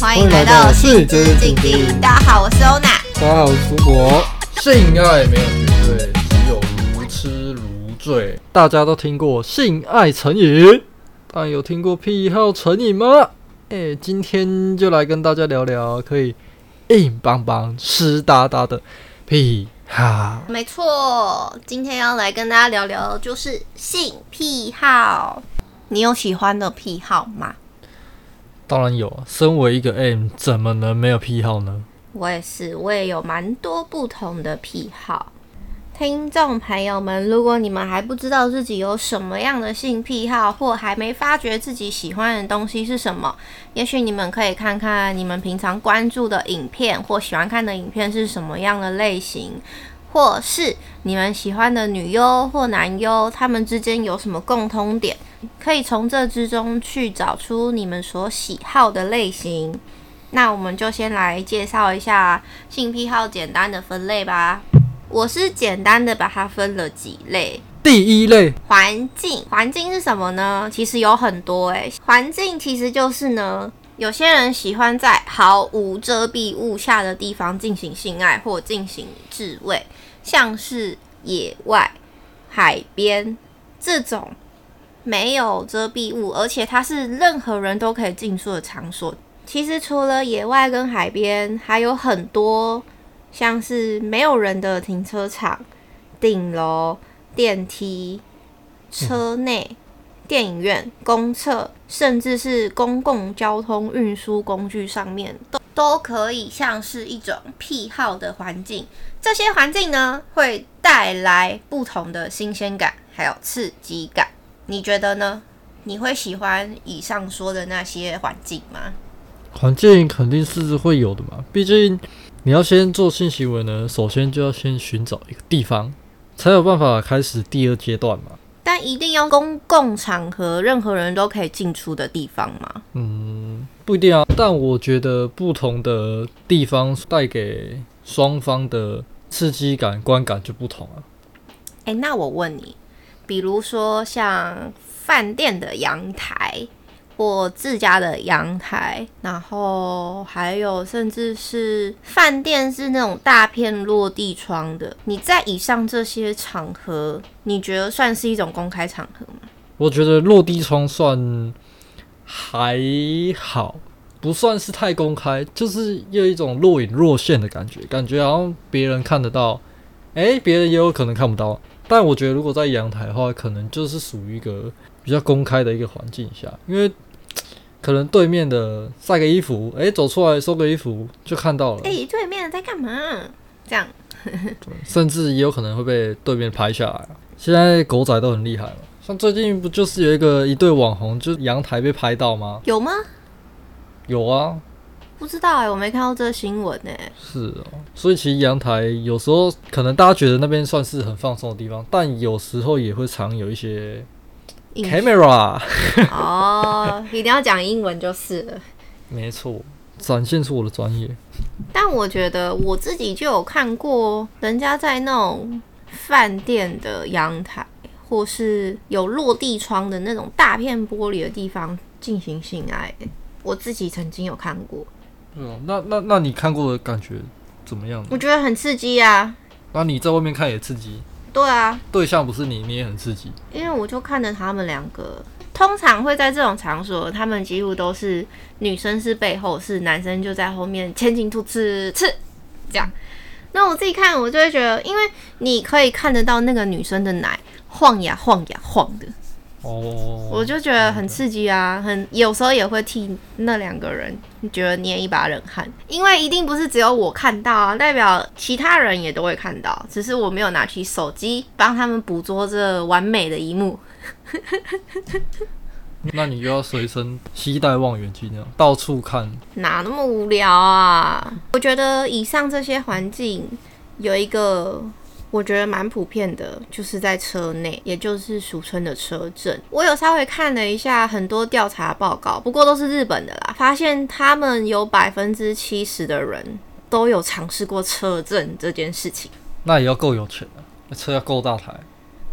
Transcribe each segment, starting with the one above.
歡迎來到性之禁忌。大家好，我是歐娜。大家好，我是蘇果。性愛沒有絕對，只有如癡如醉。大家都聽過性愛成癮，但有聽過癖好成癮嗎？哎、欸，今天就來跟大家聊聊可以硬邦邦、濕噠噠的癖。哈，沒錯，今天要來跟大家聊聊就是性癖好。你有喜歡的癖好嗎？當然有啊，身為一個 M，怎麼能沒有癖好呢？我也是，我也有蠻多不同的癖好。聽眾朋友們，如果你們還不知道自己有什麼樣的性癖好，或還沒發覺自己喜歡的東西是什麼，也許你們可以看看你們平常關注的影片或喜歡看的影片是什麼樣的類型，或是你們喜歡的女優或男優，他們之間有什麼共通點，可以從這之中去找出你們所喜好的類型。那我們就先來介紹一下性癖好簡單的分類吧。我是簡單的把它分了幾類。第一類環境，環境是什麼呢？其實有很多誒、欸，環境其實就是呢，有些人喜歡在毫無遮蔽物下的地方進行性愛或進行自慰，像是野外、海邊這種沒有遮蔽物，而且它是任何人都可以進出的場所。其實除了野外跟海邊，還有很多。像是沒有人的停車場、頂樓、電梯、車內、嗯、電影院、公廁，甚至是公共交通運輸工具上面，都都可以像是一種癖好的環境。這些環境呢，會帶來不同的新鮮感，還有刺激感。你覺得呢？你會喜歡以上說的那些環境嗎？環境肯定是會有的嘛，畢竟。你要先做性行為呢，首先就要先尋找一個地方，才有辦法開始第二階段嘛。但一定要公共場合，任何人都可以進出的地方嗎？嗯，不一定啊。但我覺得不同的地方帶給雙方的刺激感、觀感就不同了。哎、欸，那我問你，比如說像飯店的陽台。我自家的陽台，然後還有甚至是飯店是那種大片落地窗的。你在以上這些場合，你覺得算是一種公開場合嗎？我覺得落地窗算還好，不算是太公開，就是有一種若隱若現的感覺，感覺好像別人看得到，哎、欸，別人也有可能看不到。但我覺得如果在陽台的話，可能就是屬於一個比較公開的一個環境下，因為。可能對面的曬個衣服，哎、欸，走出來收個衣服就看到了。哎、欸，對面在幹嘛？這樣 對，甚至也有可能會被對面拍下來。現在狗仔都很厲害了，像最近不就是有一個一對網紅就是陽台被拍到嗎？有嗎？有啊，不知道哎、欸，我沒看到這個新聞哎、欸。是哦，所以其實陽台有時候可能大家覺得那邊算是很放鬆的地方，但有時候也會常有一些。Camera 哦，一定要講英文就是了。沒錯，展現出我的專業。但我覺得我自己就有看過，人家在那種飯店的陽台，或是有落地窗的那種大片玻璃的地方進行性愛，我自己曾經有看過。嗯，那那那你看過的感覺怎麼樣？我覺得很刺激啊。那你在外面看也刺激。對啊，對象不是你，你也很刺激。因為我就看着他們兩個，通常會在這種場所，他們幾乎都是女生是背後，是男生就在後面前進吐，突刺刺這樣。那我自己看，我就會覺得，因為你可以看得到那個女生的奶晃呀晃呀晃的。哦，oh, 我就覺得很刺激啊，很有時候也會替那兩個人覺得捏一把冷汗，因為一定不是只有我看到啊，代表其他人也都會看到，只是我沒有拿起手機幫他們捕捉這完美的一幕。 那你就要隨身攜帶望遠鏡，到處看，哪那麼無聊啊？我覺得以上這些環境有一個。我覺得蠻普遍的，就是在車內，也就是俗稱的車震。我有稍微看了一下很多調查報告，不過都是日本的啦，發現他們有百分之七十的人都有嘗試過車震這件事情。那也要夠有錢啊，車要夠大台。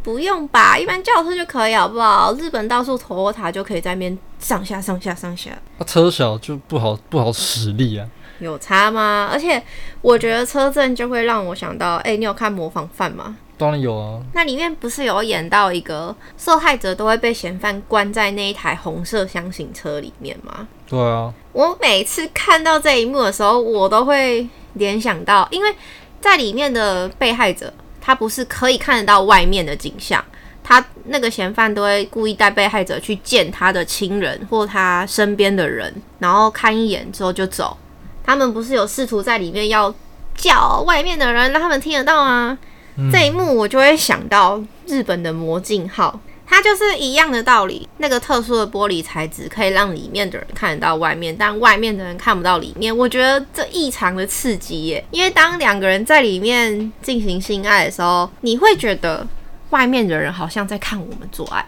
不用吧，一般轎車就可以，好不好？日本到處 Toyota 就可以在那邊上下上下上下。那、啊、車小就不好不好使力啊。有差嗎？而且我覺得車震就會讓我想到，哎、欸，你有看《模仿犯》嗎？當然有啊。那裡面不是有演到一個受害者都會被嫌犯關在那一台紅色箱型車裡面嗎？對啊。我每次看到這一幕的時候，我都會聯想到，因為在裡面的被害者，他不是可以看得到外面的景象，他那個嫌犯都會故意帶被害者去見他的親人或他身邊的人，然後看一眼之後就走。他們不是有試圖在裡面要叫外面的人，讓他們聽得到嗎？嗯、這一幕我就會想到日本的魔鏡號，它就是一樣的道理。那個特殊的玻璃材質可以讓裡面的人看得到外面，但外面的人看不到裡面。我覺得這異常的刺激耶！因為當兩個人在裡面進行性愛的時候，你會覺得外面的人好像在看我們做愛，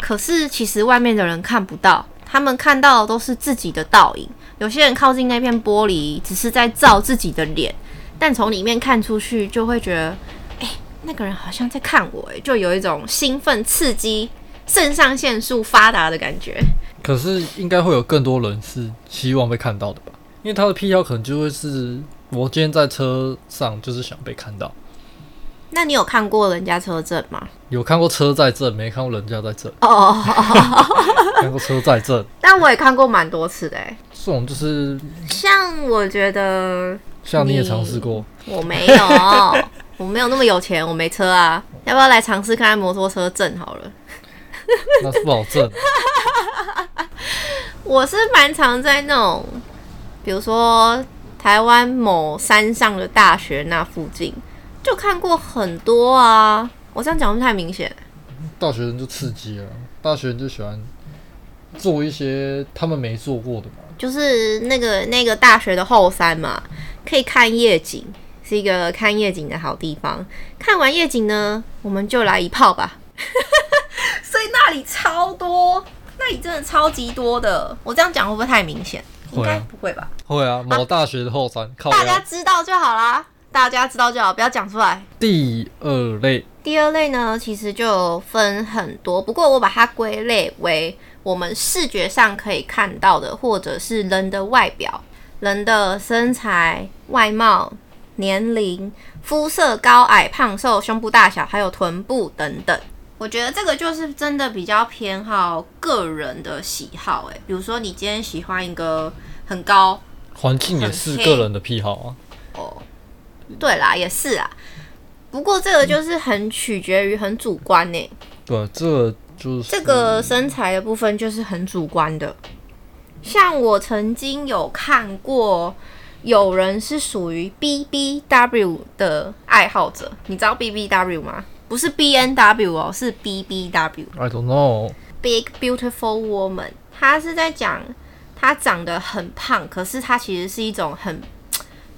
可是其實外面的人看不到，他們看到的都是自己的倒影。有些人靠近那片玻璃，只是在照自己的臉，但從裡面看出去，就會覺得，哎、欸，那個人好像在看我，就有一種興奮、刺激、腎上腺素發達的感覺。可是，應該會有更多人是希望被看到的吧？因為他的癖好可能就會是，我今天在車上就是想被看到。那你有看過人家車震嗎？有看過車在震，沒看過人家在震。哦、oh. 看過車在震， 但我也看過蠻多次的。誒，這種就是像我覺得，像你也嘗試過。我沒有、哦，我沒有那麼有錢，我沒車啊。 要不要來嘗試看看摩托車震好了？ 那不好震。 我是蠻常在那種，比如說台灣某山上的大學那附近。就看過很多啊，我這樣講會不會太明顯？大學生就刺激了，大學生就喜歡做一些他們沒做過的嘛。就是那個那個大學的後山嘛，可以看夜景，是一個看夜景的好地方。看完夜景呢，我們就來一炮吧。 所以那裡超多，那裡真的超級多的。我這樣講會不會太明顯？啊、應該不會吧？會啊，某大學的後山，啊、靠大家知道就好啦。大家知道就好，不要講出來。第二類，第二類呢，其實就分很多，不過我把它歸類為我們視覺上可以看到的，或者是人的外表、人的身材、外貌、年齡、膚色、高矮、胖瘦、胸部大小，還有臀部等等。我覺得這個就是真的比較偏好個人的喜好、欸，哎，比如說你今天喜歡一個很高，環境也是很黑，個人的癖好啊，哦。對啦，也是啊。不過這個就是很取決於很主觀呢、嗯。對，這就是這個身材的部分就是很主觀的。像我曾經有看過有人是屬於 BBW 的愛好者，你知道 BBW 嗎？不是 BNW 哦，是 BBW。I don't know。Big Beautiful Woman，她是在講她長得很胖，可是她其實是一種很，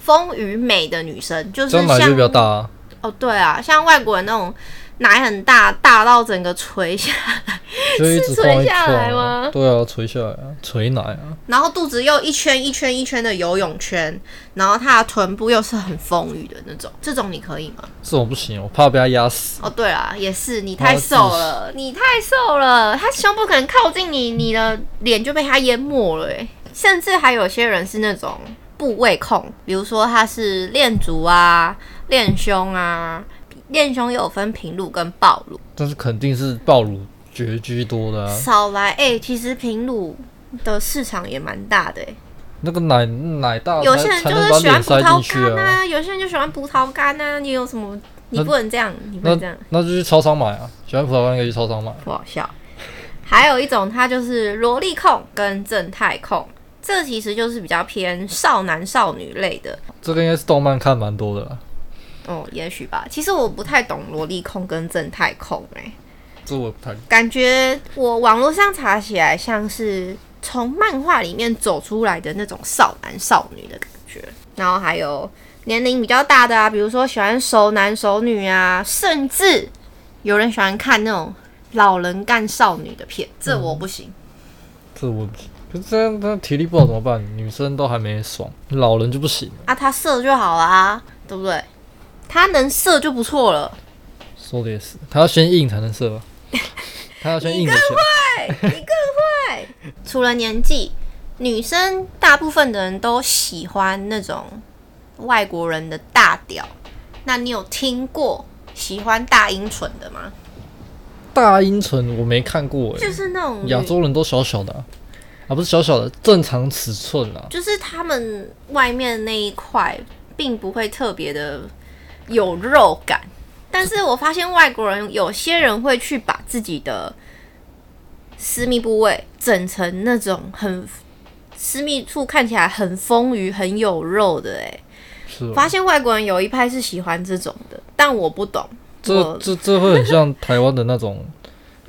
豐腴美的女生就是像，這奶就比較大啊。哦，對啊，像外國人那種奶很大，大到整個垂下來，垂下來是垂下來嗎？對啊，垂下來啊，垂奶啊。然後肚子又一圈，一圈一圈一圈的游泳圈，然後她的臀部又是很豐腴的那種，這種你可以嗎？這種不行，我怕被她壓死。哦，對啊，也是你太瘦了，你太瘦了，她、就是、胸部可能靠近你，你的臉就被她淹沒了，甚至還有些人是那種。部位控，比如說他是戀足啊、戀胸啊，戀胸有分平乳跟爆乳，但是肯定是爆乳絕居多的啊。少來哎、欸，其實平乳的市場也蠻大的哎、欸。那個奶奶大奶，有些人就是喜歡葡萄乾啊，啊有些人就喜歡葡萄乾啊。你有什麼？你不能這樣，那你不能這樣那。那就去超商買啊，喜歡葡萄乾可以去超商買。不好笑。還有一種，他就是蘿莉控跟正太控。這其實就是比較偏少男少女類的，這個應該是動漫看蠻多的啦，哦，也許吧。其實我不太懂蘿莉控跟正太控，欸，哎，這我不太。感覺我網絡上查起來，像是從漫畫裡面走出來的那種少男少女的感覺，然後還有年齡比較大的啊，比如說喜歡熟男熟女啊，甚至有人喜歡看那種老人幹少女的片，這我不行，嗯，這我。可是這樣，他體力不好怎麼辦？女生都還沒爽，老人就不行啊！他射就好了啊，對不對？他能射就不錯了。說的也是，他要先硬才能射吧？他要先硬才能射。你更壞，你更壞。 除了年紀，女生大部分的人都喜歡那種外國人的大屌。那你有聽過喜歡大陰唇的嗎？大陰唇我沒看過，欸，就是那種亞洲人都小小的啊。啊，不是小小的，正常尺寸啊。就是他們外面那一塊，並不會特別的有肉感。但是我發現外國人有些人會去把自己的私密部位整成那種很私密處看起來很豐腴、很有肉的。哎、啊，是。發現外國人有一派是喜歡這種的，但我不懂。這我這這會很像台灣的那種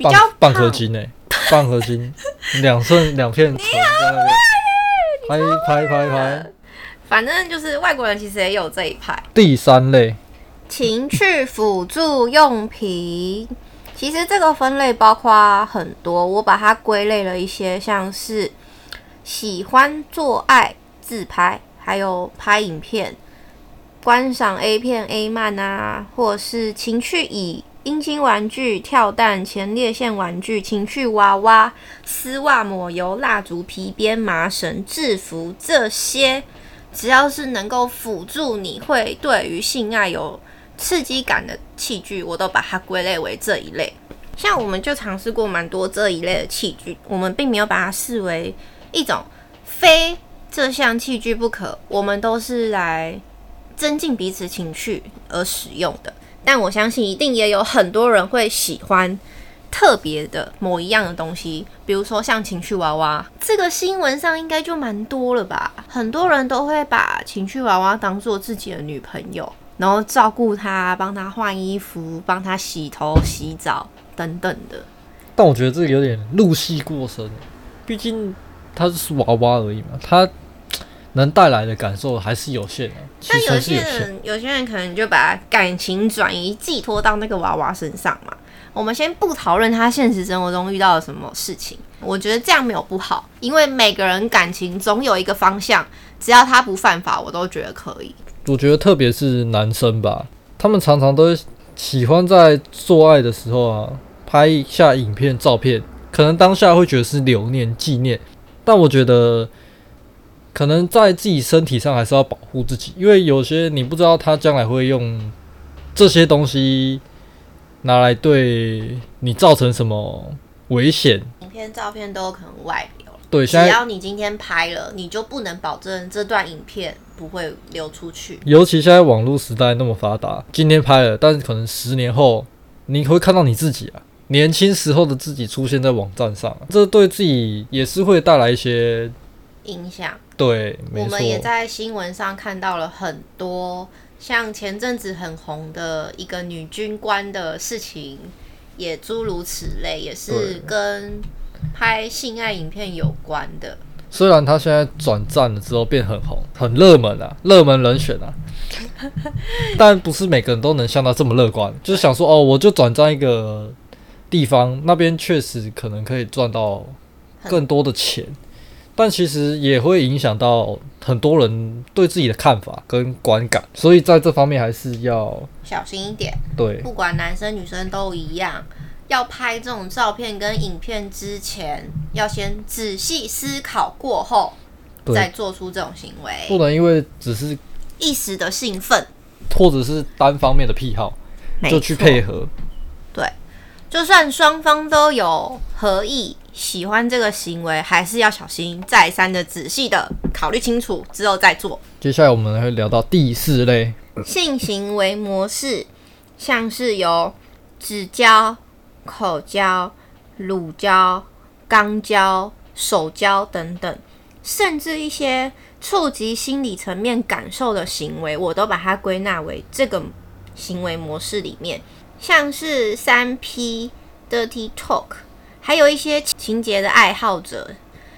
半半荷肌呢。 胖棒 半合金，兩寸兩片拍拍拍拍，反正就是外國人其實也有這一排。第三類，情趣輔助用品， 其實這個分類包括很多，我把它歸類了一些，像是喜歡做愛、自拍，還有拍影片、觀賞 A 片、A 漫啊，或是情趣椅。星星玩具、跳蛋、前列腺玩具、情趣娃娃、絲襪、抹油、蠟燭、皮鞭、麻繩、制服，這些只要是能夠輔助你會對於性愛有刺激感的器具，我都把它歸類為這一類。像我們就嘗試過蠻多這一類的器具，我們並沒有把它視為一種非這項器具不可，我們都是來增進彼此情趣而使用的。但我相信，一定也有很多人會喜歡特別的某一樣的東西，比如說像情趣娃娃，這個新聞上應該就蠻多了吧？很多人都會把情趣娃娃當做自己的女朋友，然後照顧她，幫她換衣服，幫她洗頭、洗澡等等的。但我覺得這個有點入戲過深，畢竟她是娃娃而已嘛，她能帶來的感受還是有限的啊。像有些人，有，有些人可能就把感情轉移寄托到那個娃娃身上嘛。我們先不討論他現實生活中遇到了什麼事情，我覺得這樣沒有不好，因為每個人感情總有一個方向，只要他不犯法，我都覺得可以。我覺得特別是男生吧，他們常常都喜歡在做愛的時候啊，拍一下影片、照片，可能當下會覺得是留念、紀念，但我覺得。可能在自己身體上還是要保護自己，因為有些你不知道他將來會用這些東西拿來對你造成什麼危險。影片、照片都有可能外流了。對，只要你今天拍了，你就不能保證這段影片不會流出去。尤其現在網絡時代那麼發達，今天拍了，但是可能十年後你會看到你自己啊，年輕時候的自己出現在網站上，這對自己也是會帶來一些影響。對，我們也在新聞上看到了很多，像前陣子很紅的一個女軍官的事情，也諸如此類，也是跟拍性愛影片有關的。雖然他現在轉戰了之後變很紅、很熱門啊，熱門人選啊， 但不是每個人都能像她這麼樂觀，就是想說哦，我就轉戰一個地方，那邊確實可能可以賺到更多的錢。但其實也會影響到很多人對自己的看法跟觀感，所以在這方面還是要小心一點。對，不管男生女生都一樣，要拍這種照片跟影片之前，要先仔細思考過後，對，再做出這種行為。不能因為只是一時的興奮，或者是單方面的癖好，沒錯。就去配合。就算雙方都有合意，喜歡這個行為，還是要小心再三的、仔細的考慮清楚之後再做。接下來我們會聊到第四類性行為模式，像是有指交、口交、乳交、肛交、手交等等，甚至一些觸及心理層面感受的行為，我都把它歸納為這個行為模式裡面。像是三 P、Dirty Talk，還有一些情節的愛好者，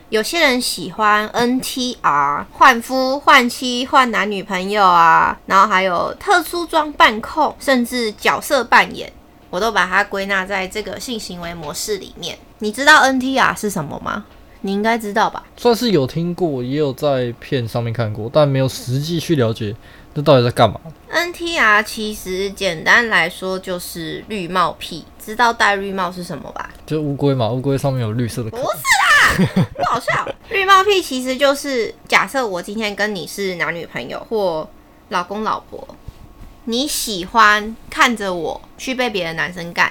有些人喜歡 NTR、換夫、換妻、換男女朋友啊，然後還有特殊裝扮控，甚至角色扮演，我都把它歸納在這個性行為模式裡面。你知道 NTR 是什麼嗎？你應該知道吧？算是有聽過，也有在片上面看過，但沒有實際去了解。到底在幹嘛？NTR 其實簡單來說就是綠帽癖。知道戴綠帽是什麼吧？就烏龜嘛，烏龜上面有綠色的殼。不是啦，不好笑。 綠帽癖其實就是假設我今天跟你是男女朋友或老公老婆，你喜歡看着我去被別的男生幹，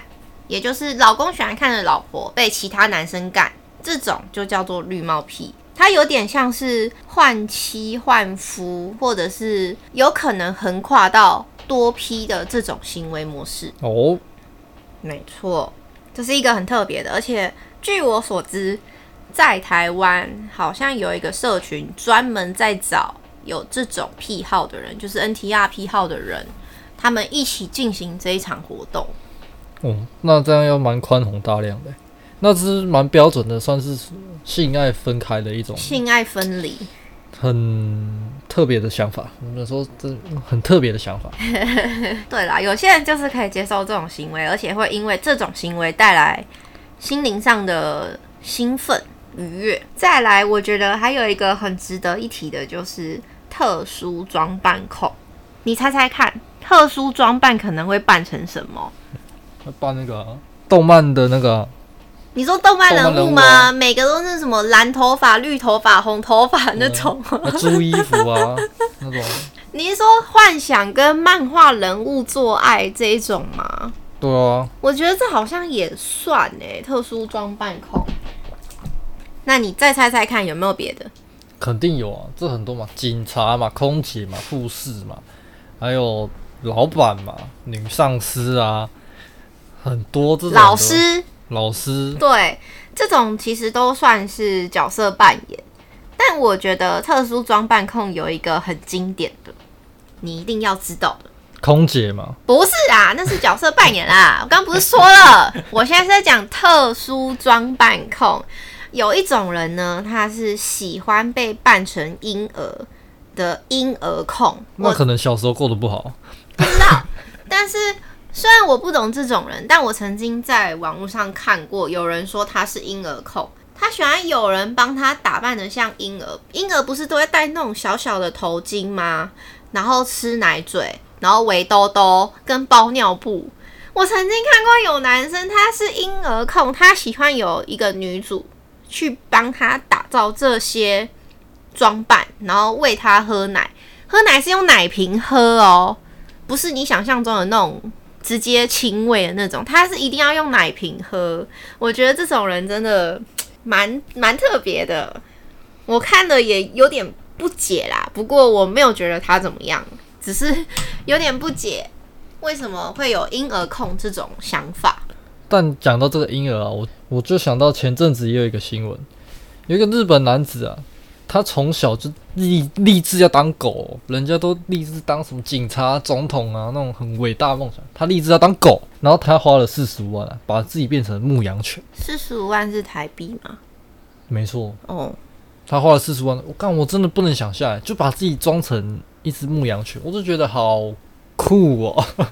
也就是老公喜歡看着老婆被其他男生幹，這種就叫做綠帽癖。它有點像是換妻換夫，或者是有可能橫跨到多 P 的這種行為模式哦。沒錯，這是一個很特別的，而且據我所知，在台灣好像有一個社群專門在找有這種癖好的人，就是 NTR 癖好的人，他們一起進行這一場活動。哦、嗯，那這樣又蠻寬宏大量的。那只蠻標準的，算是性愛分開的一種性愛分離，很特別的想法。我們有說這很特別的想法， 對啦，有些人就是可以接受這種行為，而且會因為這種行為帶來心靈上的興奮愉悅。再來，我覺得還有一個很值得一提的，就是特殊裝扮控。你猜猜看，特殊裝扮可能會扮成什麼？扮那個、啊、動漫的那個、啊。你說動漫人物嗎？物啊、每個都是什麼藍頭髮、綠頭髮、紅頭髮那種、啊嗯？租衣服啊， 那種。你是說幻想跟漫畫人物做愛這一種嗎？對啊。我覺得這好像也算誒、欸，特殊裝扮控。那你再猜猜看，有沒有別的？肯定有啊，這很多嘛，警察嘛，空姐嘛，護士嘛，還有老闆嘛，女上司啊，很多這種。老師。老師，對，這種其實都算是角色扮演，但我覺得特殊裝扮控有一個很經典的，你一定要知道的，空姐嗎？不是啊，那是角色扮演啦。 我剛不是說了， 我現在是在講特殊裝扮控，有一種人呢，他是喜歡被扮成嬰兒的嬰兒控，那可能小時候過得不好，不知道， 但是。雖然我不懂這種人，但我曾經在網絡上看過有人說他是嬰兒控，他喜歡有人幫他打扮得像嬰兒。嬰兒不是都會戴那種小小的頭巾嗎？然後吃奶嘴，然後圍兜兜跟包尿布。我曾經看過有男生他是嬰兒控，他喜歡有一個女主去幫他打造這些裝扮，然後餵他喝奶。喝奶是用奶瓶喝哦，不是你想象中的那種。直接親餵的那種，他是一定要用奶瓶喝。我覺得這種人真的蠻蠻特別的，我看了也有點不解啦。不過我沒有覺得他怎麼樣，只是有點不解為什麼會有嬰兒控這種想法。但講到這個嬰兒啊，我我就想到前陣子也有一個新聞，有一個日本男子啊。他從小就立立志要當狗、哦，人家都立志當什麼警察、啊、總統啊，那種很偉大的夢想。他立志要當狗，然後他花了四十五萬、啊，把自己變成牧羊犬。四十五萬是台幣嗎？沒錯。哦，oh. 他花了四十萬，我幹，我真的不能想象，就把自己裝成一只牧羊犬，我就覺得好酷哦。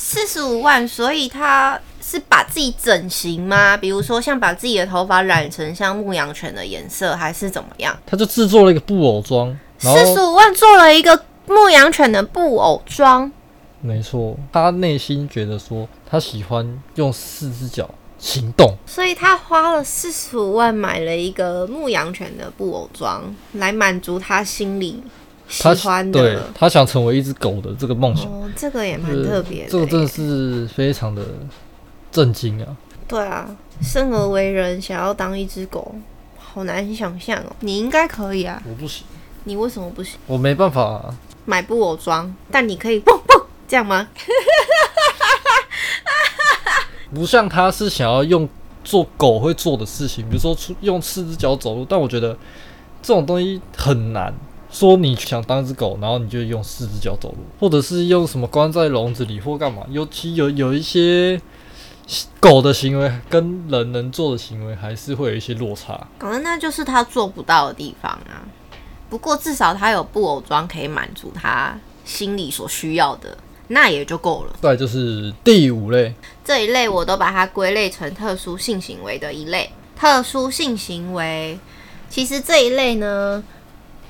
四十五萬，所以他是把自己整形嗎？比如說像把自己的頭髮染成像牧羊犬的顏色，還是怎麼樣？他就制作了一個布偶裝，四十五萬做了一個牧羊犬的布偶裝。沒錯，他內心覺得說他喜歡用四只腳行動，所以他花了四十五萬買了一個牧羊犬的布偶裝，來滿足他心裡的他對他想成為一隻狗的這個夢想。哦，這個也蠻特別的。這個真的是非常的震驚啊！對啊，生而為人想要當一隻狗，好難想象哦。你應該可以啊，我不行。你為什麼不行？我沒辦法、啊、買布偶裝。但你可以蹦蹦這樣嗎？ 不像他是想要用做狗會做的事情，比如說用四隻腳走路，但我覺得這種東西很難。說你想當隻狗，然後你就用四隻腳走路，或者是用什麼關在籠子裡或幹嘛？尤其有有一些狗的行為跟人能做的行為，還是會有一些落差。可能、喔、那就是他做不到的地方啊。不過至少他有布偶裝可以滿足他心理所需要的，那也就夠了。再就是第五類，這一類我都把它歸類成特殊性行為的一類。特殊性行為，其實這一類呢。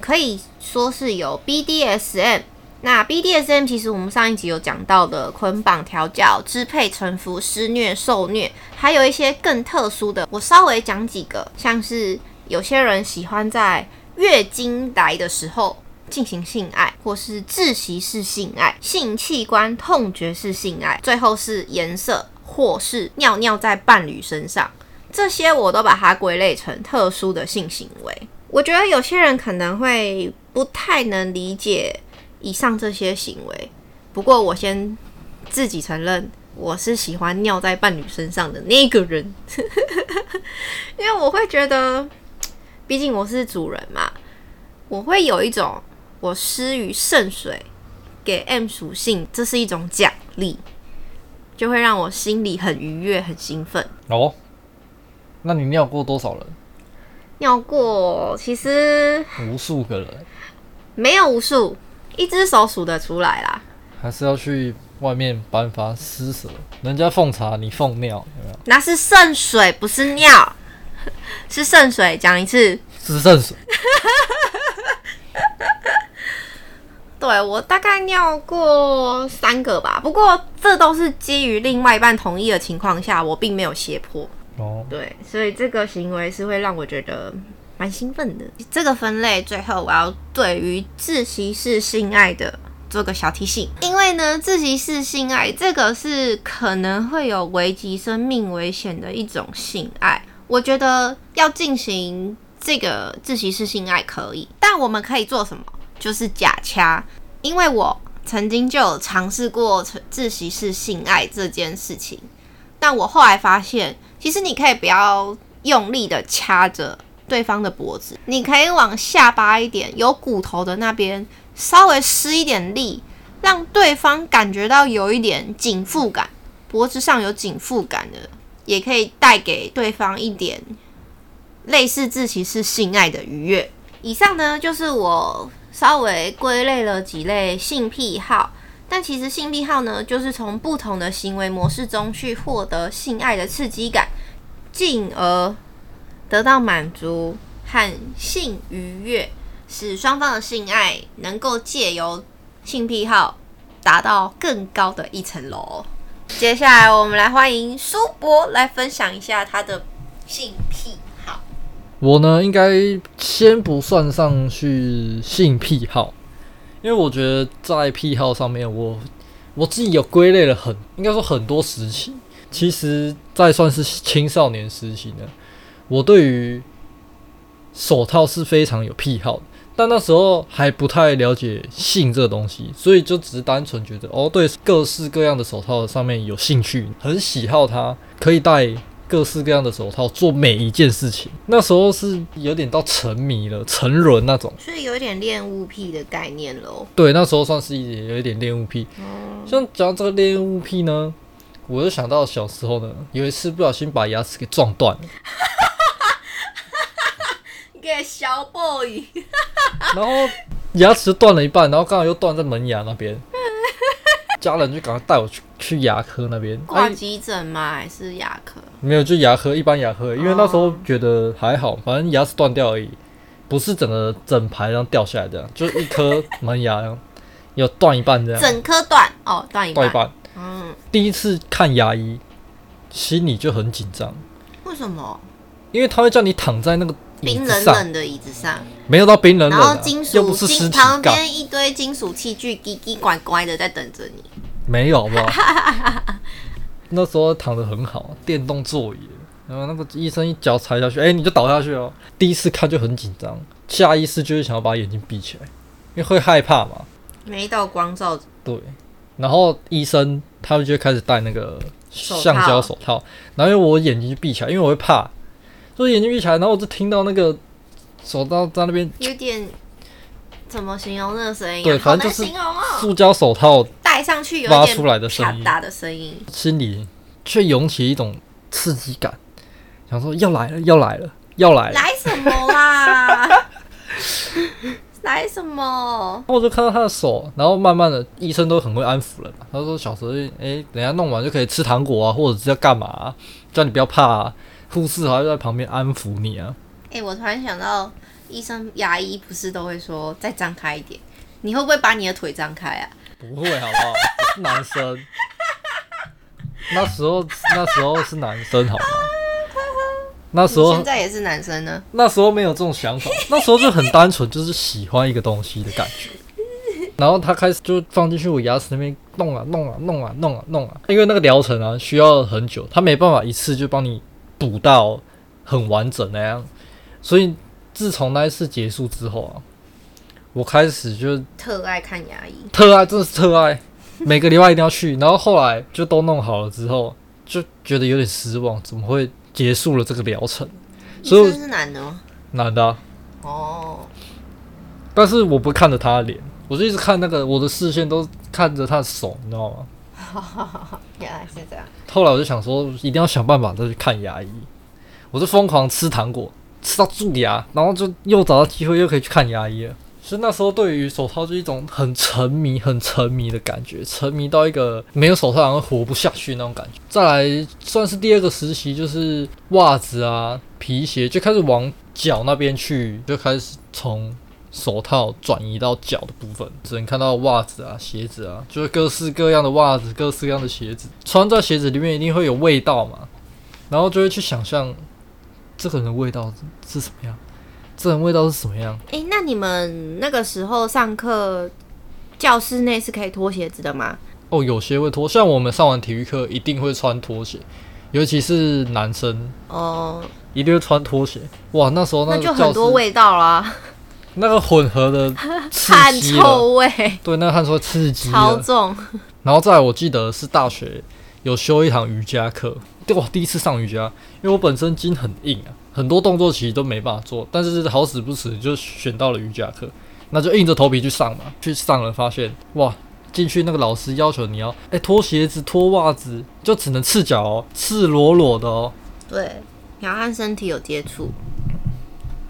可以說是有 BDSM，那 BDSM 其實我們上一集有講到的捆綁調教、支配臣服、施虐受虐，還有一些更特殊的，我稍微講幾個，像是有些人喜歡在月經來的時候進行性愛，或是窒息式性愛、性器官痛覺式性愛，最後是顏色或是尿尿在伴侶身上，這些我都把它歸類成特殊的性行為。我覺得有些人可能會不太能理解以上這些行為。不過我先自己承認，我是喜歡尿在伴侶身上的那個人， 因為我會覺得，畢竟我是主人嘛，我會有一種我施於聖水給 M 屬性，這是一種獎勵，就會讓我心裡很愉悅、很興奮。哦，那你尿過多少人？尿過，其實無數個人，沒有無數，一只手數得出來啦。還是要去外面頒發施舍，人家奉茶，你奉尿，有沒有？那是聖水，不是尿，是聖水。講一次，是聖水。 對我大概尿過三個吧，不過這都是基於另外一半同意的情況下，我並沒有脅迫。對，所以這個行為是會讓我覺得蠻興奮的。這個分類最後，我要對於窒息式性愛的做個小提醒，因為呢，窒息式性愛這個是可能會有危及生命危險的一種性愛。我覺得要進行這個窒息式性愛可以，但我們可以做什麼？就是假掐，因為我曾經就嘗試過窒息式性愛這件事情，但我後來發現。其實你可以不要用力的掐着對方的脖子，你可以往下扒一點，有骨頭的那邊稍微施一點力，讓對方感覺到有一點緊縛感，脖子上有緊縛感的，也可以帶給對方一點類似窒息式性愛的愉悅。以上呢，就是我稍微歸類了幾類性癖好。但其實性癖好呢，就是從不同的行為模式中去獲得性愛的刺激感，進而得到滿足和性愉悅，使雙方的性愛能夠借由性癖好達到更高的一層樓。接下來，我們來歡迎蘇博來分享一下他的性癖好。我呢，應該先不算上去性癖好。因為我覺得在癖好上面我，我我自己有歸類了很，應該說很多時期，其實在算是青少年時期呢，我對於手套是非常有癖好的，但那時候還不太了解性這個東西，所以就只是單純覺得，哦，對，各式各樣的手套上面有興趣，很喜好它，可以戴。各式各樣的手套，做每一件事情。那時候是有點到沉迷了，沉淪那種，所以有點戀物癖的概念咯。對，那時候算是一點有一點戀物癖。嗯、像講到這個戀物癖呢，我就想到小時候呢，有一次不小心把牙齒給撞斷了，哈哈哈哈哈哈，給小 boy， 然後牙齒斷了一半，然後剛好又斷在門牙那邊。家人就趕快帶我去去牙科那邊掛急診嗎？哎、還是牙科？沒有，就牙科一般牙科，哦、因為那時候覺得還好，反正牙齒斷掉而已，不是整個整排上掉下來的， 就一顆門牙有斷一半這樣。整顆斷哦，斷一半。斷一半。嗯，第一次看牙醫，心裡就很緊張。為什麼？因為他會叫你躺在那個。冰冷冷的椅子上，沒有到冰冷冷,冷、啊，然後金屬旁邊一堆金屬器具，奇奇怪怪的在等着你，沒有吧？ 那時候躺得很好，電動座椅，然後那個醫生一腳踩下去，哎，你就倒下去哦。第一次看就很緊張，下意識就是想要把眼睛閉起來，因為會害怕嘛。沒到光照，對。然後醫生他們就開始戴那個橡膠手套，手套然後因為我眼睛就閉起來，因為我會怕。就是眼睛閉起來，然後我就聽到那個手套在那邊，有點怎麼形容那個聲音、啊？對，反正就是塑膠手套戴上去有點啪嗒的聲音。心裡卻湧起一種刺激感，想說要來了，要來了，要來了。來什麼啦？ 來什麼？然後我就看到他的手，然後慢慢的，醫生都很會安撫了。他說：“小時候，哎、欸，等下弄完就可以吃糖果啊，或者是要幹嘛、啊？叫你不要怕、啊。”護士好像在旁邊安撫你啊。誒、欸，我突然想到，醫生、牙醫不是都會說再張開一點？你會不會把你的腿張開啊？不會，好不好？ 男生。 那時候，那時候是男生，好嗎？ 那時候現在也是男生呢。那時候沒有這種想法，那時候就很單純，就是喜歡一個東西的感覺。 然後他開始就放進去我牙齒那邊弄啊、弄啊、弄啊、弄啊、弄啊、弄啊，因為那個療程啊需要很久，他沒辦法一次就幫你。補到很完整那樣，所以自從那一次結束之後啊，我開始就特愛看牙醫，特愛，真的是特愛，每個禮拜一定要去。 然後後來就都弄好了之後，就覺得有點失望，怎麼會結束了這個療程？所以，是男的嗎？男的、啊。哦。Oh. 但是我不看着他的臉，我就一直看那個，我的視線都看着他的手，你知道嗎？哈哈哈，原來是這樣。後來我就想說，一定要想辦法再去看牙醫。我就瘋狂吃糖果，吃到蛀牙，然後就又找到機會又可以去看牙醫了。所以那時候對於手套就一種很沉迷、很沉迷的感覺，沉迷到一個沒有手套然後活不下去那種感覺。再來，算是第二個時期就是襪子啊、皮鞋，就開始往腳那邊去，就開始從。手套轉移到腳的部分，只能看到襪子啊、鞋子啊，就是各式各樣的襪子、各式各樣的鞋子。穿在鞋子裡面一定會有味道嘛，然後就會去想象、這個、這個人的味道是什麼樣，這個人味道是什麼樣。哎，那你們那個時候上課，教室內是可以脫鞋子的嗎？哦，有些會脫，像我們上完體育課一定會穿拖鞋，尤其是男生，哦，一定會穿拖鞋。哇，那時候那，那就很多味道啦、啊。那個混合的汗臭味，對，那個汗臭味刺激好超重。然後再來，我記得是大學有修一堂瑜伽課，對，我第一次上瑜伽，因為我本身筋很硬啊，很多動作其實都沒辦法做，但是好死不死就選到了瑜伽課，那就硬着頭皮去上嘛，去上了發現，哇，進去那個老師要求你要哎、欸，脫鞋子、脫襪子，就只能赤腳哦，赤裸裸的哦，對，你要和身體有接觸。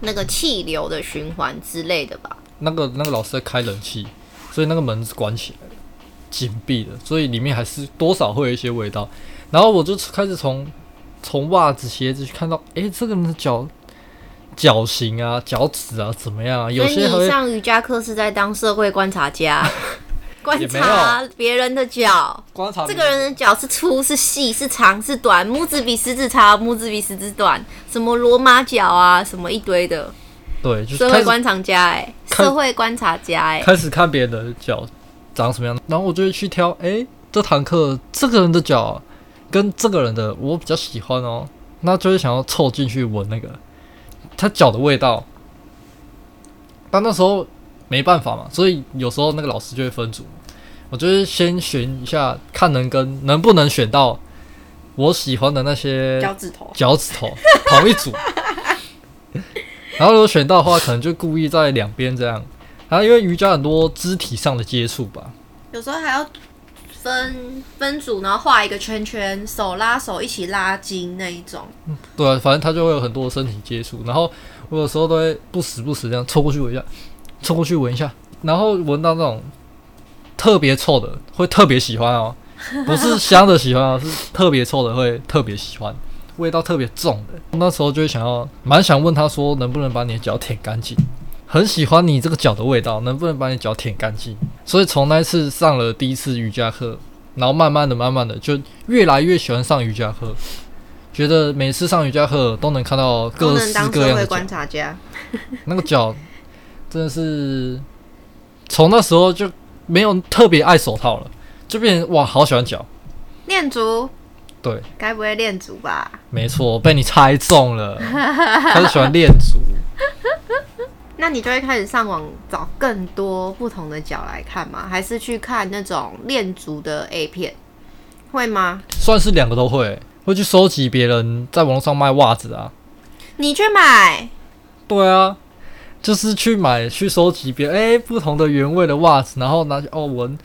那個氣流的循環之類的吧。那個那個老師在開冷氣，所以那個門是關起來的，緊閉的，所以裡面還是多少會有一些味道。然後我就開始從從襪子、鞋子去看到，誒、欸，這個人的腳腳型啊、腳趾啊怎麼樣？啊？有些人上瑜伽課是在當社會觀察家。 觀察別人的腳，觀察這個人的腳是粗是細是長是短，拇指比食指長，拇指比食指短，什麼羅馬腳啊，什麼一堆的，對，就是社會觀察家哎、欸，看社會觀察家哎、欸，開始看別人的腳長什麼樣，然後我就會去挑，哎、欸，這堂課這個人的腳跟這個人的我比較喜歡哦、喔，那就會想要湊進去聞那個他腳的味道，但那時候。沒辦法嘛，所以有時候那個老師就會分組。我就是先選一下，看能跟能不能選到我喜歡的那些腳趾頭。腳 趾頭同一組。 然後如果選到的話，可能就故意在兩邊這樣。然後、啊，因為瑜伽很多肢體上的接觸吧。有時候還要分分組，然後畫一個圈圈，手拉手一起拉筋那一種。嗯，對、啊，反正他就會有很多的身體接觸。然後我有時候都會不時不時這樣湊過去我一下。湊過去聞一下，然後聞到那種特別臭的，會特別喜歡哦，不是香的喜歡哦，是特別臭的會特別喜歡，味道特別重的。那時候就會想要，蠻想問他說，能不能把你的腳舔乾淨？很喜歡你這個腳的味道，能不能把你腳舔乾淨？所以從那一次上了第一次瑜伽課，然後慢慢的、慢慢的就越來越喜歡上瑜伽課，覺得每次上瑜伽課都能看到各式各樣的觀察家，那個腳。真的是從那時候就沒有特別愛手套了，就變成哇，好喜歡腳、戀足，竹對，該不會戀足吧？沒錯，被你猜中了，還 是喜歡戀足。那你就會開始上網找更多不同的腳來看嗎？還是去看那種戀足的 A 片？會嗎？算是兩個都會，會去收集別人在網上賣襪子啊，你去買？對啊。就是去買去收集別人誒、欸、不同的原味的襪子，然後拿去哦聞，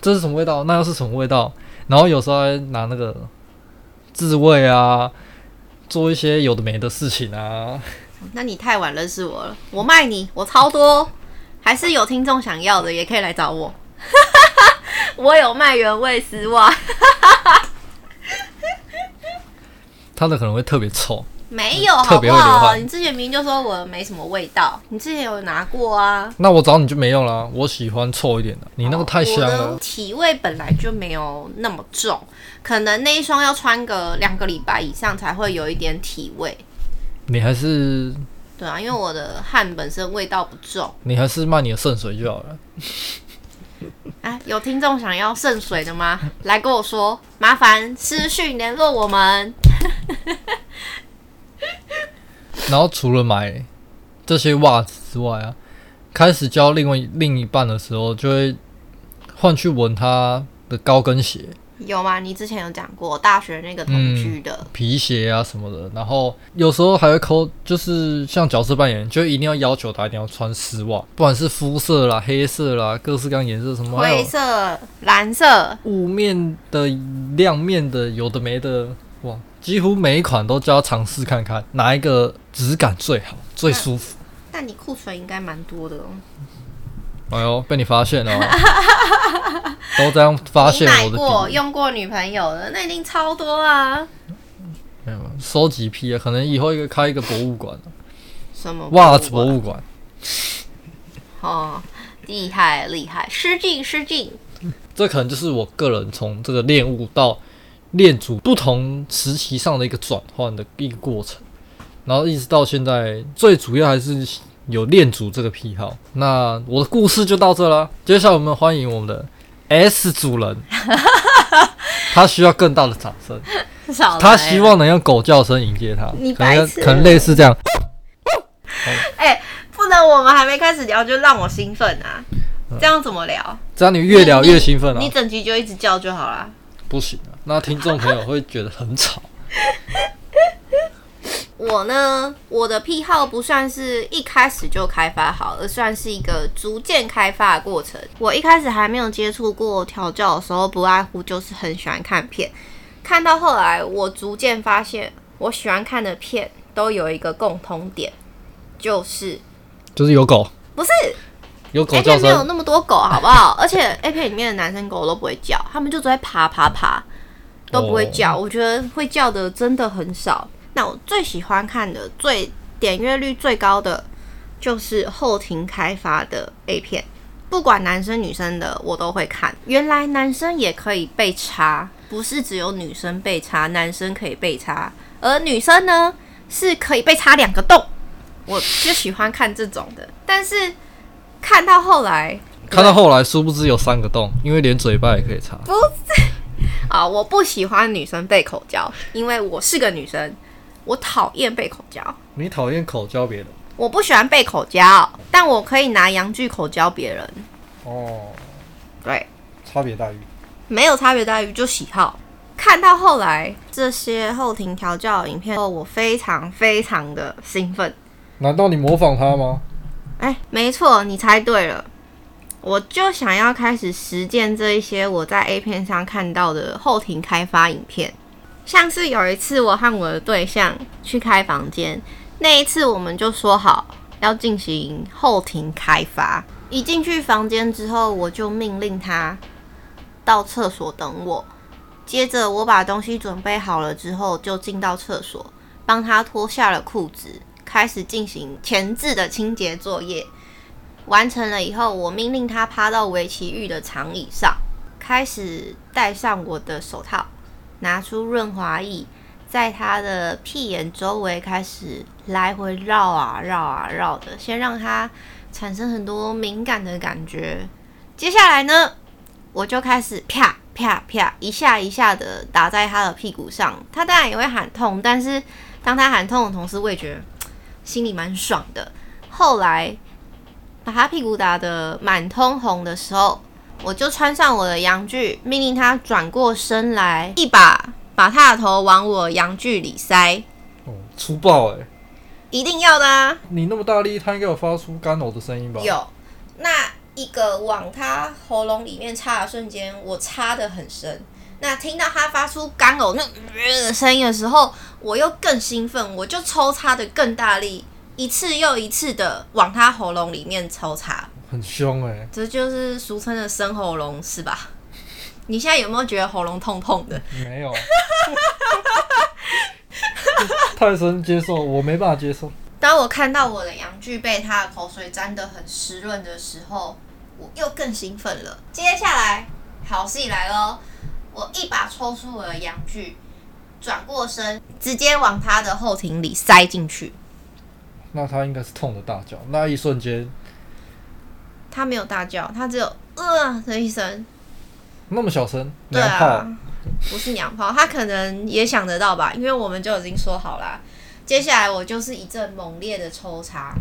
這是什麼味道？那又是什麼味道？然後有時候還拿那個自慰啊，做一些有的沒的事情啊。那你太晚認識我了，我賣你，我超多。還是有聽眾想要的，也可以來找我。 我有賣原味絲襪， 他的可能會特別臭。沒有，好不好，特別會流汗。你之前明明就說我沒什麼味道，你之前有拿過啊？那我找你就沒用啦。我喜歡臭一點的，哦，你那個太香了。我的體味本來就沒有那麼重，可能那一雙要穿個兩個禮拜以上才會有一點體味。你還是對啊，因為我的汗本身味道不重。你還是賣你的聖水就好了。 哎，有聽眾想要聖水的嗎？ 來跟我說，麻煩私訊聯絡我們。 然後除了買這些襪子之外啊，開始交另外另一半的時候，就會換去聞他的高跟鞋。有嗎？你之前有講過大學那個同居的、嗯、皮鞋啊什麼的，然後有時候還會摳，就是像角色扮演，就一定要要求他一定要穿絲襪，不管是膚色啦、黑色啦、各式各樣顏色什麼，灰色、藍色、霧面的、亮面的，有的沒的。幾乎每一款都就要嘗試看看哪一個質感最好、那最舒服。但你庫存應該蠻多的哦。哎呦，被你發現了！ 都這樣發現我。我買過、用過女朋友的那一定超多啊！沒有，收集癖啊，可能以後一個開一個博物館。 什麼襪子博物館？哦， 厲害厲害，失敬失敬。這可能就是我個人從這個戀物到。戀主不同時期上的一個轉換的一個過程，然後一直到現在，最主要還是有戀主這個癖好。那我的故事就到這了。接下來我們歡迎我們的 S 主人， 他需要更大的掌聲。他希望能用狗叫聲迎接他，可能類似這樣。哎 哦欸，不能我們還沒開始聊就讓我興奮啊！這樣怎麼聊？這樣你越聊越興奮了、啊。你整集就一直叫就好了。不行啊，那聽眾朋友會覺得很吵。 我呢，我的癖好不算是一開始就開發好，而算是一個逐漸開發的過程。我一開始還沒有接觸過調教的時候，不外乎就是很喜歡看片。看到後來，我逐漸發現，我喜歡看的片都有一個共通點，就是就是有狗，不是。A 片沒有那麼多狗，好不好？ 而且 A 片裡面的男生狗都不會叫，他們就只在爬爬爬，都不會叫。Oh. 我覺得會叫的真的很少。那我最喜歡看的，最點閱率最高的，就是後庭開發的 A 片，不管男生女生的我都會看。原來男生也可以被插，不是只有女生被插，男生可以被插，而女生呢是可以被插兩個洞。我就喜歡看這種的， 但是。看到後來，看到後來，殊不知有三個洞，對因為連嘴巴也可以插。不啊，我不喜歡女生被口交， 因為我是個女生，我討厭被口交。你討厭口交別人？我不喜歡被口交，但我可以拿陽具口交別人。哦，對，差別待遇。沒有差別待遇，就喜好。看到後來這些後庭調教影片後，我非常非常的興奮。難道你模仿他嗎？哎、欸，沒錯，你猜對了。我就想要開始實踐這一些我在 A 片上看到的後庭開發影片。像是有一次，我和我的對象去開房間，那一次我們就說好要進行後庭開發。一進去房間之後，我就命令他到廁所等我。接着我把東西準備好了之後就，就進到廁所幫他脫下了褲子。開始進行前置的清潔作業，完成了以後，我命令他趴到圍棋浴的長椅上，開始戴上我的手套，拿出潤滑液，在他的屁眼周圍開始來回繞啊繞啊繞、啊、的，先讓他產生很多敏感的感覺。接下來呢，我就開始啪啪啪一下一下的打在他的屁股上，他當然也會喊痛，但是當他喊痛的同時，會覺得。心裡蠻爽的，後來把他屁股打得滿通紅的時候，我就穿上我的陽具，命令他轉過身來，一把把他的頭往我陽具裡塞。哦、嗯，粗暴哎、欸！一定要的、啊。你那麼大力，他應該有發出乾嘔的聲音吧？有。那一個往他喉嚨裡面插的瞬間，我插得很深。那聽到他發出乾嘔那聲、呃呃、音的時候，我又更興奮，我就抽插的更大力，一次又一次的往他喉嚨裡面抽插，很凶哎、欸！這就是俗稱的深喉嚨，是吧？ 你現在有沒有覺得喉嚨痛痛的？嗯、沒有，太深接受，我沒辦法接受。當我看到我的陽具被他的口水沾得很濕潤的時候，我又更興奮了。接下來，好戲來嘍！我一把抽出我的陽具，轉過身，直接往他的後庭裡塞進去。那他應該是痛得大叫，那一瞬間，他沒有大叫，他只有呃的一聲，那麼小聲。娘炮。對啊，不是娘炮，他可能也想得到吧， 因為我們就已經說好了，接下來我就是一陣猛烈的抽插，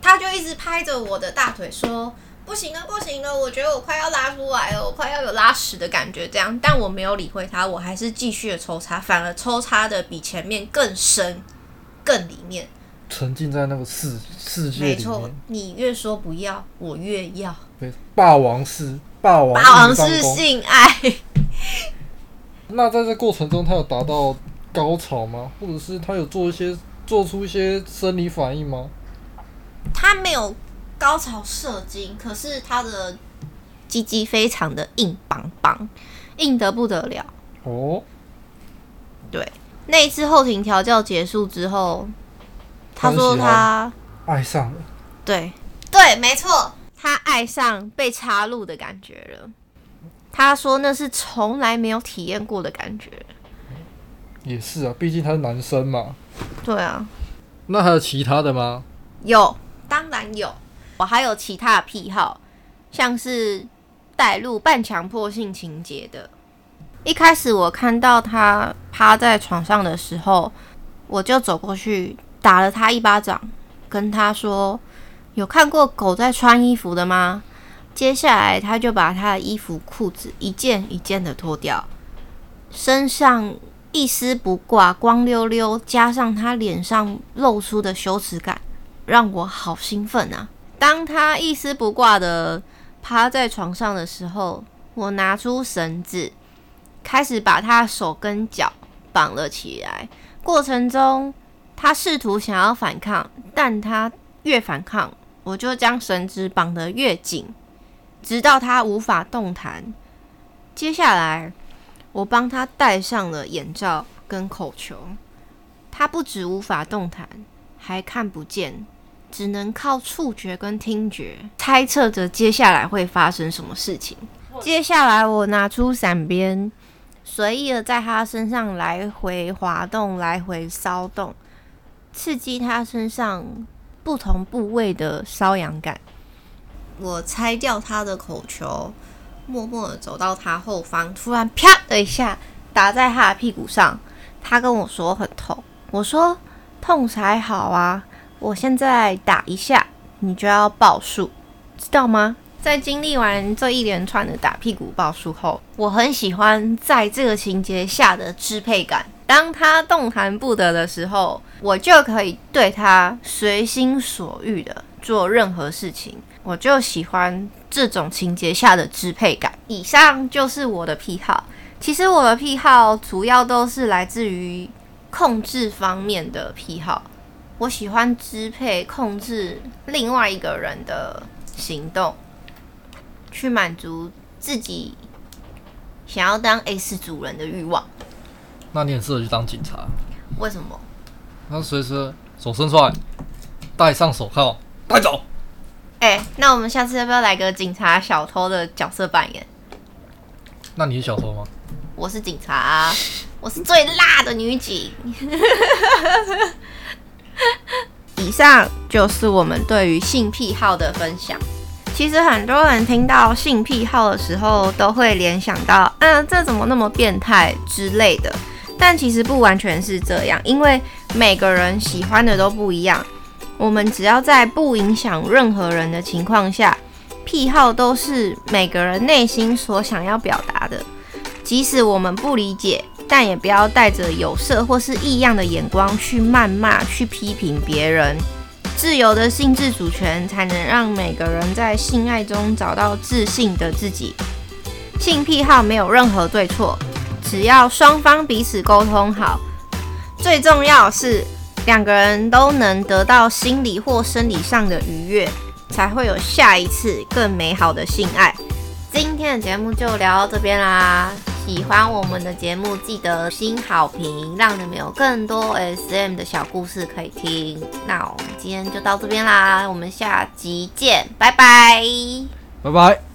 他就一直拍着我的大腿說。不行了，不行了！我覺得我快要拉出來了，我快要有拉屎的感覺。這樣，但我沒有理會他，我還是繼續的抽插，反而抽插的比前面更深、更裡面，沉浸在那個世世界裡面沒錯。你越說不要，我越要。霸王式，霸王是，霸王式性愛。性愛 那在這過程中，他有達到高潮嗎？或者是他有做一些、做出一些生理反應嗎？他沒有。高潮射精，可是他的雞雞非常的硬邦邦，硬得不得了哦。對，那一次後庭調教結束之後，他說他愛上了，對對，沒錯，他愛上被插入的感覺了。嗯、他說那是從來沒有體驗過的感覺。也是啊，畢竟他是男生嘛。對啊。那還有其他的嗎？有，當然有。我還有其他癖好，像是帶入半強迫性情節的。一開始我看到他趴在床上的時候，我就走過去打了他一巴掌，跟他說：“有看過狗在穿衣服的嗎？”接下來他就把他的衣服、褲子一件一件的脫掉，身上一絲不掛，光溜溜，加上他臉上露出的羞恥感，讓我好興奮啊！當他一絲不掛的趴在床上的時候，我拿出繩子，開始把他手跟腳綁了起來。過程中，他試圖想要反抗，但他越反抗，我就將繩子綁得越緊，直到他無法動彈。接下來，我幫他戴上了眼罩跟口球，他不止無法動彈，還看不見。只能靠觸覺跟聽覺猜測着接下來會發生什麼事情。接下來，我拿出散鞭，隨意的在他身上來回滑動，來回搔動，刺激他身上不同部位的瘙癢感。我拆掉他的口球，默默的走到他後方，突然啪的一下打在他的屁股上。他跟我說很痛，我說痛才好啊。我現在打一下，你就要報數，知道嗎？在經歷完這一連串的打屁股報數後，我很喜歡在這個情節下的支配感。當他動彈不得的時候，我就可以對他隨心所欲的做任何事情。我就喜歡這種情節下的支配感。以上就是我的癖好。其實我的癖好主要都是來自於控制方面的癖好。我喜歡支配、控制另外一個人的行動，去滿足自己想要當 S 主人的慾望。那你很適合去當警察。為什麼？那隨時手伸出來，戴上手銬，帶走。哎、嗯欸，那我們下次要不要來個警察小偷的角色扮演？那你是小偷嗎？我是警察，我是最辣的女警。 以上就是我們對於性癖好的分享。其實很多人聽到性癖好的時候，都會聯想到“嗯、呃，這怎麼那麼變態”之類的。但其實不完全是這樣，因為每個人喜歡的都不一樣。我們只要在不影響任何人的情況下，癖好都是每個人內心所想要表達的，即使我們不理解。但也不要帶着有色或是異樣的眼光去謾罵、去批評別人。自由的性自主權，才能讓每個人在性愛中找到自信的自己。性癖好沒有任何對錯，只要雙方彼此溝通好，最重要的是兩個人都能得到心理或生理上的愉悅，才會有下一次更美好的性愛。今天的節目就聊到這邊啦。喜歡我們的節目，記得新好評，讓你們有更多 SM 的小故事可以聽。那我們今天就到這邊啦，我們下集見，拜拜，拜拜。